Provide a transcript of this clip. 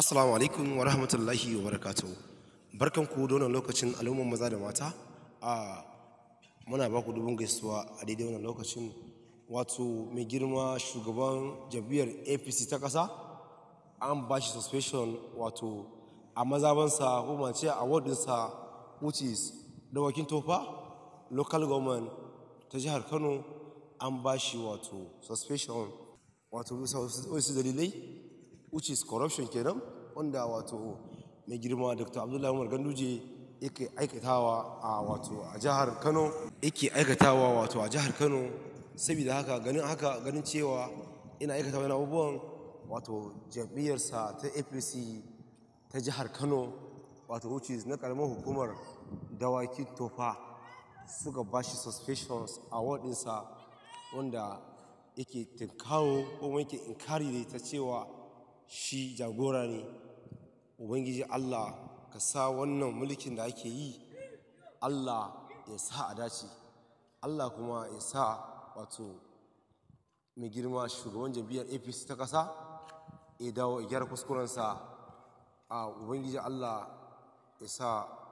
Assalamu alaikum wa rahmatullahi wa barakatuhu. Barkan ku da wannan lokacin al'umman maza da mata. A muna ba ku dubin gaisuwa a daidai wannan lokacin wato mai girma shugaban jam'iyyar APC ta kasa. an ba shi suspension wato a mazabansa ko ma ce a wadinsa which is dawakin tofa local government ta jihar Kano an ba shi wato suspension wato wasu dalilai which is corruption kenan wanda wato mai girma dr abdullahi umar ganduje yake aikatawa a wato a jihar kano yake aikatawa wato a jihar kano saboda haka ganin haka ganin cewa ina aikatawa wani abubuwan wato jam'iyyarsa ta apc ta jihar kano wato which na karamar hukumar dawaki tofa suka ba shi suspicions a wadinsa wanda yake tinkawo ko yake inkari da ita cewa shi jagora ne ubangiji allah ka sa wannan mulkin da ake yi allah ya sa a dace allah kuma ya sa wato mai girma shugaban jam'iyyar apc ta ƙasa ya dawo a gyara kuskurensa a ubangiji allah ya sa